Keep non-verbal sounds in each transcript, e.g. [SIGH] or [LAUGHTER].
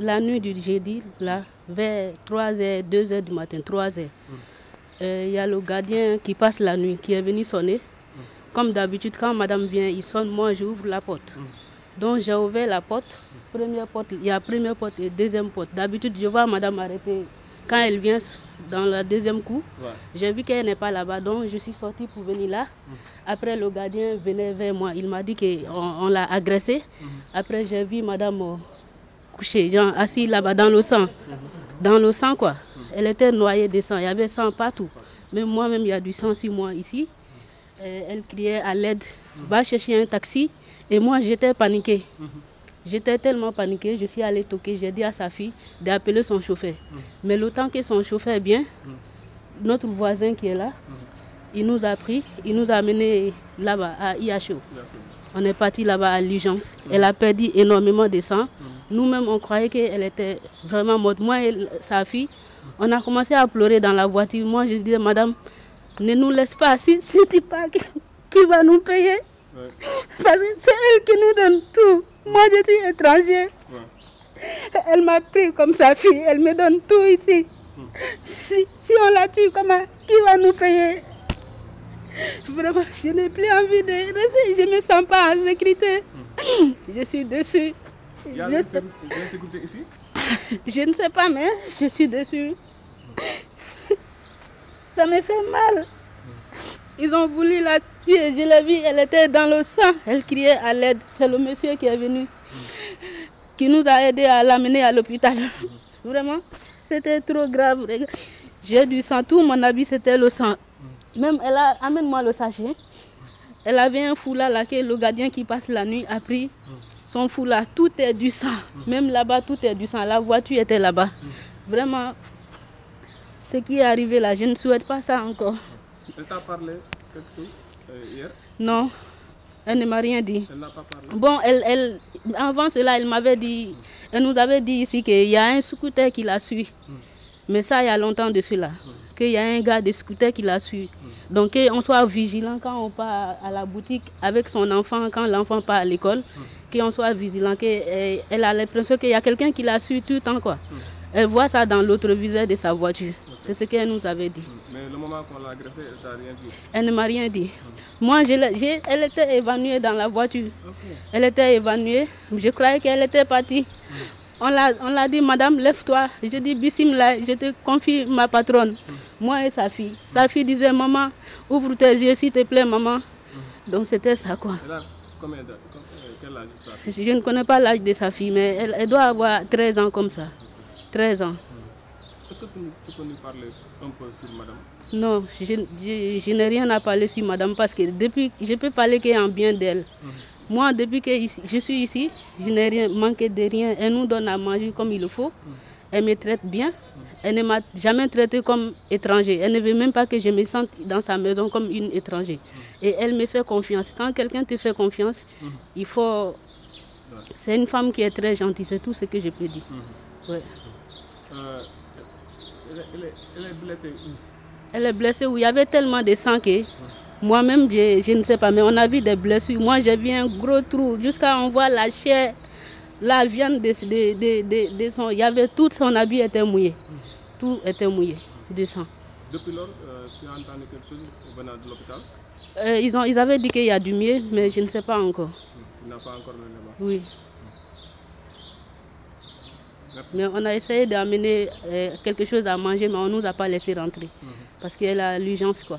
la nuit du jeudi, là, vers 3h, 2h du matin, 3h. Mm. Euh, il y a le gardien qui passe la nuit, qui est venu sonner. Mm. Comme d'habitude, quand madame vient, il sonne, moi j'ouvre la porte. Mm. Donc j'ai ouvert la porte, première porte, il y a première porte et deuxième porte. D'habitude, je vois madame arrêter. Quand elle vient dans la deuxième coup, j'ai vu qu'elle n'est pas là-bas, donc je suis sortie pour venir là. Après, le gardien venait vers moi, il m'a dit qu'on l'a agressée. Après, j'ai vu madame euh, chez genre assis là-bas dans le sang. Dans le sang, quoi. Mm. Elle était noyée de sang. Il y avait sang partout. Même moi-même, il y a du sang sur moi ici. Euh, elle criait à l'aide. Mm. Va chercher un taxi. Et moi, j'étais paniquée. Mm-hmm. J'étais tellement paniquée, je suis allée toquer, j'ai dit à sa fille d'appeler son chauffeur. Mm. Mais le temps que son chauffeur est bien, notre voisin qui est là, il nous a pris, il nous a amené là-bas à IHO. On est parti là-bas à l'urgence. Elle a perdu énormément de sang. Nous-mêmes, on croyait qu'elle était vraiment morte. Moi et sa fille, on a commencé à pleurer dans la voiture. Moi, je disais, madame, ne nous laisse pas. Si, si tu pas qui va nous payer Parce que c'est elle qui nous donne tout. Moi, je suis étrangère. Elle m'a pris comme sa fille. Elle me donne tout ici. Hmm. Si, on la tue, comment Qui va nous payer Vraiment, je n'ai plus envie de Je ne me sens pas en sécurité. Hmm. Je suis dessus. [LAUGHS] Je ne sais pas, mais je suis déçue. [LAUGHS] Ça me fait mal. Ils ont voulu la tuer. Je l'ai vue, elle était dans le sang. Elle criait à l'aide. C'est le monsieur qui est venu, qui nous a aidé à l'amener à l'hôpital. [LAUGHS] Vraiment, c'était trop grave. J'ai du sang, tout mon habit c'était le sang. Même elle a, amené moi le sachet. Elle avait un foulard là le gardien qui passe la nuit a pris. Son fou là, tout est du sang. Même là-bas, tout est du sang. La voiture était là-bas. Vraiment, ce qui est arrivé là, je ne souhaite pas ça encore. Elle t'a parlé quelque chose euh, hier Non, elle ne m'a rien dit. Elle n'a pas parlé Bon, elle, avant cela, elle m'avait dit, elle nous avait dit ici qu'il y a un scooter qui la suit. Hmm. Mais ça, il y a longtemps de cela. Hmm. Qu'il y a un gars de scooter qui la suit. Hmm. Donc qu'on soit vigilant quand on part à la boutique avec son enfant, quand l'enfant part à l'école, hmm. qu'on soit vigilant, qu'elle eh, elle a l'impression qu'il y a quelqu'un qui la suit tout le temps. Quoi. Hmm. Elle voit ça dans l'autre visage de sa voiture. C'est ce qu'elle nous avait dit. Hmm. Mais le moment qu'on l'a agressée, elle t'a rien dit Elle ne m'a rien dit. Moi, elle était évanouie dans la voiture. Elle était évanouie. Je croyais qu'elle était partie on l'a dit, Madame, lève-toi. Je dis, Bismillah, je te confie ma patronne, moi et sa fille. Sa fille disait, maman, ouvre tes yeux, s'il te plaît, maman. Donc c'était ça, quoi. Je ne connais pas l'âge de sa fille, mais elle, doit avoir 13 ans comme ça. 13 ans. Hmm. Est-ce que tu, peux nous parler un peu sur madame Non, je, n'ai rien à parler sur madame parce que depuis, je peux parler qu'en bien d'elle. Hmm. Moi, depuis que je suis ici, je n'ai rien manqué de rien. Elle nous donne à manger comme il le faut. Mm. Elle me traite bien. Elle ne m'a jamais traité comme étranger. Elle ne veut même pas que je me sente dans sa maison comme une étrangère. Mm. Et elle me fait confiance. Quand quelqu'un te fait confiance, mm. il faut. C'est une femme qui est très gentille. C'est tout ce que je peux dire. Euh, elle, est, blessée où Elle est blessée où Il y avait tellement de sang que. Moi-même, je, je, ne sais pas, mais on a vu des blessures. Moi, j'ai vu un gros trou jusqu'à on voit la chair, la viande de, son. Il y avait tout son habit était mouillé. Tout était mouillé de sang. Depuis lors, euh, tu as entendu quelque chose au venant de l'hôpital euh, ils, ils avaient dit qu'il y a du mieux, mais je ne sais pas encore. Tu n'as pas encore le Oui. Mais on a essayé d'amener euh, quelque chose à manger, mais on ne nous a pas laissé rentrer. Mhm. Parce qu'il Parce a l'urgence, quoi.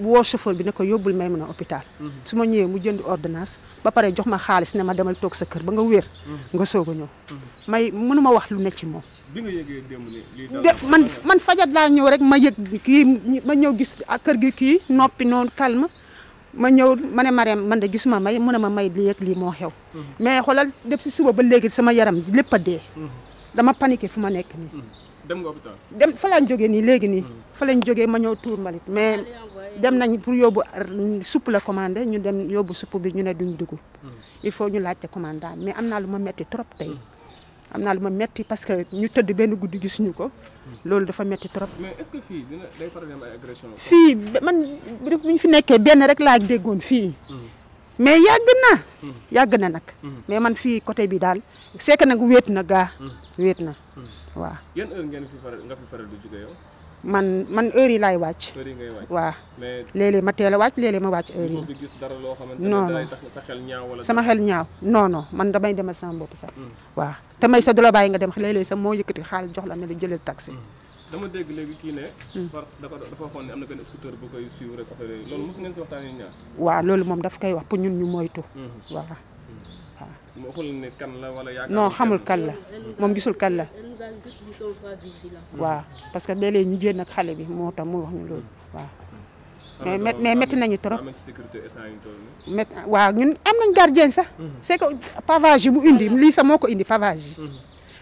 woo chauffeur bi ne ko yóbbul may mun a hôpital. Mhm. su ma ñëwee mu jënd ordonnance ba pare jox ma xaalis ne ma demal toog sa kër ba nga wér. Mhm. nga soog a ñëw. Mhm. may mënuma wax lu ne moom. man man fajar laa ñëw rek ma yëg kii ma ñëw gis ak kër gi kii noppi noonu calme. ma ñëw ma ne Marème man de gis ma may mun a ma may lii ak lii moo xew. mais xoolal def si suba ba léegi sama yaram lépp a dee. dama paniqué fu ma nekk nii. dem nga hôpital dem fa lañ jógee nii léegi nii. Hmm. fa lañ jógee ma ñëw tuur mbalit mais dem nañ pour yóbbu suppu la commandé ñu dem yóbbu supp bi ñu ne duñ dugg. Hmm. il faut ñu laajte commandant mais am naa lu ma metti trop tey. Hmm. am naa lu ma metti parce que ñu tëdd benn guddi gisuñu ko. loolu dafa metti trop. mais fii dina day faral di am man bu ñu fi nekkee benn rek laa déggoon fii. mais yàgg na. yàgg na nag. mais man fii côté bi daal c'est que nag wéet na gaa. wéet na waaw. yan man man heure yi laay wàcc. heure yi ngay wàcc waaw. ma teel a wàcc léeg ma wàcc heure yi. loo xamante ne sama xel ñaaw non non man damay demal sama bopp sax. Mm. waaw te may sa du la bàyyi nga dem léeg-léeg sax moo yëkkati xaalis jox la ne la jëlal taxi. Mm. dama dégg léegi kii ne. Hmm. par dafa dafa waxoon am na benn scooter moom daf koy wax pour ñu moytu. Hmm. Hmm. waaw waaw. mu waxul ne kan la wala yaakaar non la moom gisul kan la. waaw parce que léeg-léeg ñu sax. c'est pavage mu indi lii sax moo ko indi pavage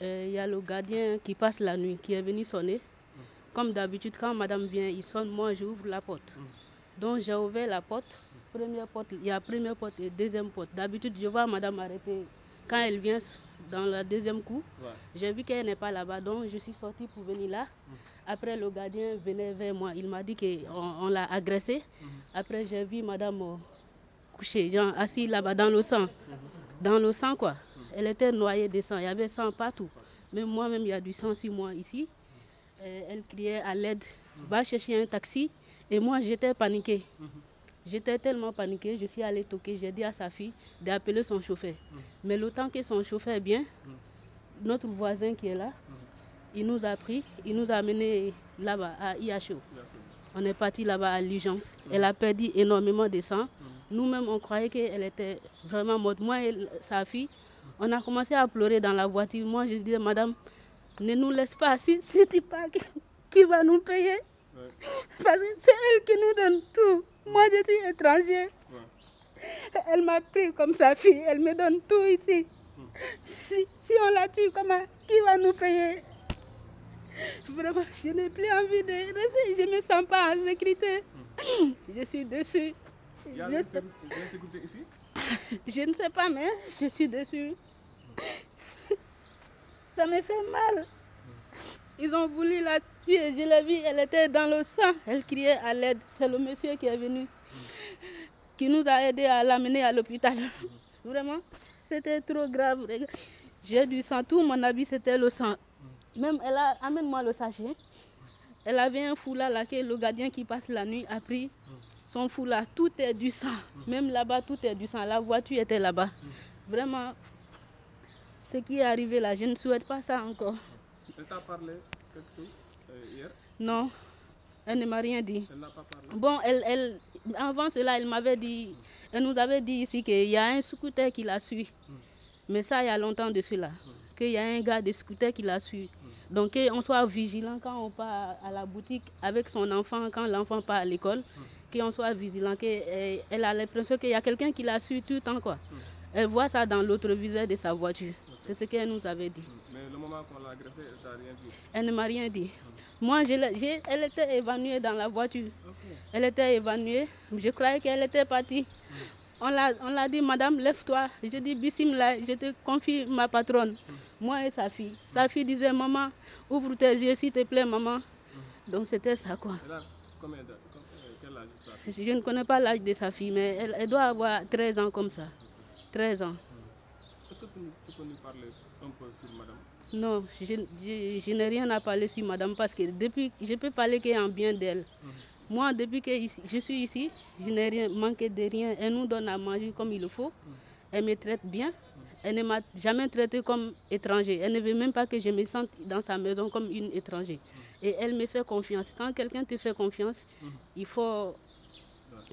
Il euh, y a le gardien qui passe la nuit, qui est venu sonner. Comme d'habitude, quand madame vient, il sonne, moi j'ouvre la porte. Donc j'ai ouvert la porte, première porte, il y a première porte et deuxième porte. D'habitude, je vois madame arrêter. Quand elle vient dans le deuxième coup, j'ai vu qu'elle n'est pas là-bas, donc je suis sorti pour venir là. Mm. Après, le gardien venait vers moi, il m'a dit qu'on l'a agressée. Mm. Après, j'ai vu madame coucher, couchée, genre assise là-bas dans le sang. Mm dans le sang, quoi. Elle était noyée de sang, il y avait sang partout. Même moi-même, il y a du sang sur moi ici. Euh, elle criait à l'aide, va chercher un taxi. Et moi, j'étais paniquée. J'étais tellement paniquée, je suis allée toquer, j'ai dit à sa fille d'appeler son chauffeur. Mais le temps que son chauffeur est bien, notre voisin qui est là, il nous a pris, il nous a amené là-bas, à IHO. On est parti là-bas à l'urgence. Elle a perdu énormément de sang. Nous-mêmes, on croyait qu'elle était vraiment morte. Moi et sa fille, on a commencé à pleurer dans la voiture. Moi, je disais, Madame, ne nous laisse pas si Si tu pas, qui va nous payer c'est elle qui nous donne tout. Moi, je suis étranger. Elle m'a pris comme sa fille. Elle me donne tout ici. Hmm. Si, on la tue, comment Qui va nous payer Vraiment, je n'ai plus envie de Je ne me sens pas en sécurité. Hmm. Je suis dessus. [LAUGHS] je, ne sais pas, mais je suis déçue. [LAUGHS] Ça me fait mal. Ils ont voulu la tuer. Je l'ai vue, elle était dans le sang. Elle criait à l'aide. C'est le monsieur qui est venu, qui nous a aidé à l'amener à l'hôpital. [LAUGHS] Vraiment, c'était trop grave. J'ai du sang, tout mon habit c'était le sang. Même elle a, amène-moi le sachet. Elle avait un foulard là le gardien qui passe la nuit a pris son fou là, tout est du sang. Même là-bas, tout est du sang. La voiture était là-bas. Vraiment, ce qui est arrivé là, je ne souhaite pas ça encore. Elle t'a parlé quelque chose euh, hier Non, elle ne m'a rien dit. Elle n'a pas parlé Bon, elle, elle, avant cela, elle m'avait dit, elle nous avait dit ici qu'il y a un scooter qui la suit. Mais ça, il y a longtemps de cela. Qu'il y a un gars de scooter qui la suit. Donc, qu'on soit vigilant quand on part à la boutique avec son enfant, quand l'enfant part à l'école qu'on soit vigilant, qu'elle eh, elle a l'impression qu'il y a quelqu'un qui la suit tout le temps. Quoi. Elle voit ça dans l'autre visage de sa voiture. C'est ce qu'elle nous avait dit. Mais le moment qu'on l'a agressée, elle t'a rien dit Elle ne m'a rien dit. Moi, elle était évanouie dans la voiture. Elle était évanouie. Je croyais qu'elle était partie. On l'a dit, madame, lève-toi. Je dis, Bissim, je te confie ma patronne, moi et sa fille. Sa fille disait, maman, ouvre tes yeux, s'il te plaît, maman. Donc c'était ça, quoi. combien je ne connais pas l'âge de sa fille, mais elle, doit avoir 13 ans comme ça. 13 ans. Est-ce que tu, peux nous parler un peu sur madame Non, je, n'ai rien à parler sur madame parce que depuis, je peux parler qu'en bien d'elle. Mhm. Moi, depuis que je suis ici, je n'ai rien manqué de rien. Elle nous donne à manger comme il le faut. Mhm. Elle me traite bien. Elle ne m'a jamais traité comme étranger. Elle ne veut même pas que je me sente dans sa maison comme une étrangère. Et elle me fait confiance. Quand quelqu'un te fait confiance, il faut...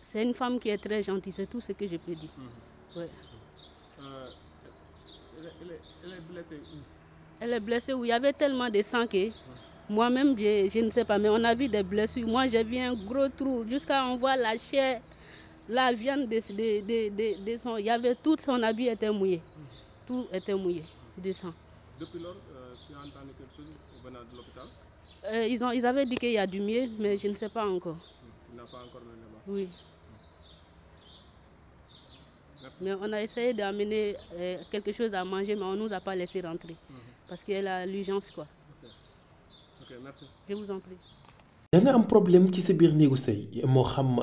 C'est une femme qui est très gentille, c'est tout ce que je peux dire. Mhm. Euh, elle, est blessée où Elle est blessée où Il y avait tellement de sang que... Moi-même, je, ne sais pas, mais on a vu des blessures. Moi, j'ai vu un gros trou, jusqu'à on voit la chair, la viande de, de son. Il y avait tout son habit était mouillé. Tout était mouillé, descend sang. Depuis lors, euh, tu as entendu quelque chose au venant de l'hôpital euh, ils, ont, ils avaient dit qu'il y a du mieux, mais je ne sais pas encore. Tu n'as pas encore mené là Oui. Mais on a essayé d'amener euh, quelque chose à manger, mais on ne nous a pas laissé rentrer. Mhm. Parce qu'il Parce a l'urgence, quoi. ok, merci. Je vous en prie. y a un problème ci sa biir néegu xam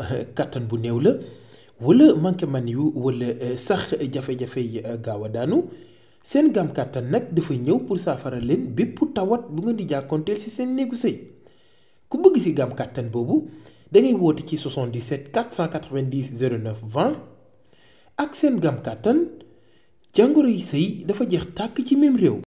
wala manqué man yu wala euh, sax jafe-jafe yi euh, gaaw a daanu seen gam kàttan nag dafa ñëw pour saafara leen bépp tawat bu ngeen di jàkkoonteel ci seen néegu sëy ku bëgg ci gam kàttan boobu da ngay ci 77 490 09 20 ak seen gam kàttan jàngoro yi sëy dafa jeex tàkk ci